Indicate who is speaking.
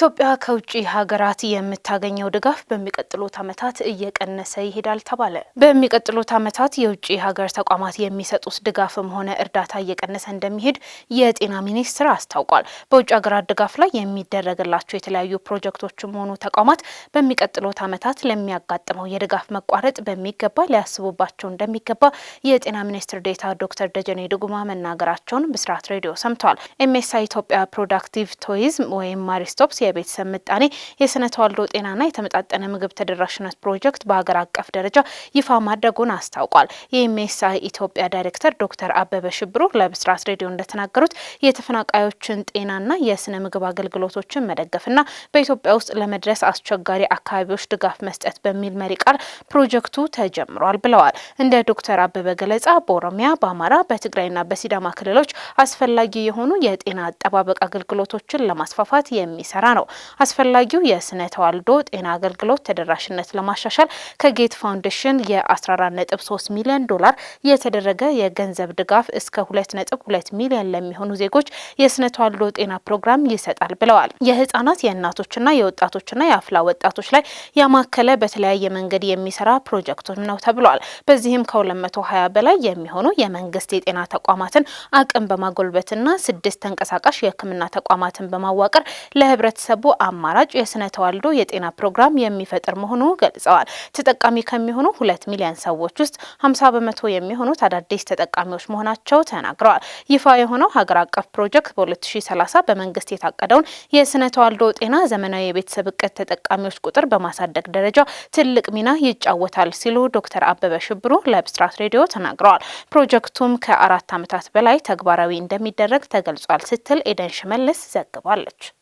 Speaker 1: ኢትዮጵያ ከውጭ ሀገራት የምታገኘው ድጋፍ በሚቀጥሉት ዓመታት እየቀነሰ ይሄዳል ተባለ። በሚቀጥሉት ዓመታት የውጭ ሀገር ተቋማት የሚሰጡት ድጋፍም ሆነ እርዳታ እየቀነሰ እንደሚሄድ የጤና ሚኒስቴር አስታውቋል። በውጭ ሀገራት ድጋፍ ላይ የሚደረግላቸው የተለያዩ ፕሮጀክቶችም ሆኑ ተቋማት በሚቀጥሉት ዓመታት ለሚያጋጥመው የድጋፍ መቋረጥ በሚገባ ሊያስቡባቸው እንደሚገባ የጤና ሚኒስትር ዴታ ዶክተር ደጀኔ ድጉማ መናገራቸውን ብስራት ሬዲዮ ሰምተዋል። ኤምኤስአይ ኢትዮጵያ ፕሮዳክቲቭ ቶይዝም ወይም ማሪስቶፕስ የቤተሰብ ምጣኔ፣ የስነ ተዋልዶ ጤናና የተመጣጠነ ምግብ ተደራሽነት ፕሮጀክት በሀገር አቀፍ ደረጃ ይፋ ማድረጉን አስታውቋል። የኢሜሳ ኢትዮጵያ ዳይሬክተር ዶክተር አበበ ሽብሩ ለብስራት ሬዲዮ እንደተናገሩት የተፈናቃዮችን ጤናና የስነ ምግብ አገልግሎቶችን መደገፍና በኢትዮጵያ ውስጥ ለመድረስ አስቸጋሪ አካባቢዎች ድጋፍ መስጠት በሚል መሪ ቃል ፕሮጀክቱ ተጀምሯል ብለዋል። እንደ ዶክተር አበበ ገለጻ በኦሮሚያ፣ በአማራ፣ በትግራይና በሲዳማ ክልሎች አስፈላጊ የሆኑ የጤና አጠባበቅ አገልግሎቶችን ለማስፋፋት የሚሰራ ነው። ነው። አስፈላጊው የስነ ተዋልዶ ጤና አገልግሎት ተደራሽነት ለማሻሻል ከጌት ፋውንዴሽን የ14.3 ሚሊዮን ዶላር የተደረገ የገንዘብ ድጋፍ እስከ 2.2 ሚሊዮን ለሚሆኑ ዜጎች የስነ ተዋልዶ ጤና ፕሮግራም ይሰጣል ብለዋል። የህጻናት የእናቶችና የወጣቶችና የአፍላ ወጣቶች ላይ ያማከለ በተለያየ መንገድ የሚሰራ ፕሮጀክቶች ነው ተብሏል። በዚህም ከ220 በላይ የሚሆኑ የመንግስት የጤና ተቋማትን አቅም በማጎልበትና ስድስት ተንቀሳቃሽ የህክምና ተቋማትን በማዋቀር ለህብረት ለህብረተሰቡ አማራጭ የስነ ተዋልዶ የጤና ፕሮግራም የሚፈጥር መሆኑ ገልጸዋል። ተጠቃሚ ከሚሆኑ ሁለት ሚሊዮን ሰዎች ውስጥ ሀምሳ በመቶ የሚሆኑት አዳዲስ ተጠቃሚዎች መሆናቸው ተናግረዋል። ይፋ የሆነው ሀገር አቀፍ ፕሮጀክት በ2030 በመንግስት የታቀደውን የስነ ተዋልዶ ጤና ዘመናዊ የቤተሰብ እቅድ ተጠቃሚዎች ቁጥር በማሳደግ ደረጃ ትልቅ ሚና ይጫወታል ሲሉ ዶክተር አበበ ሽብሩ ለብስራት ሬዲዮ ተናግረዋል። ፕሮጀክቱም ከአራት ዓመታት በላይ ተግባራዊ እንደሚደረግ ተገልጿል ስትል ኤደን ሽመልስ ዘግባለች።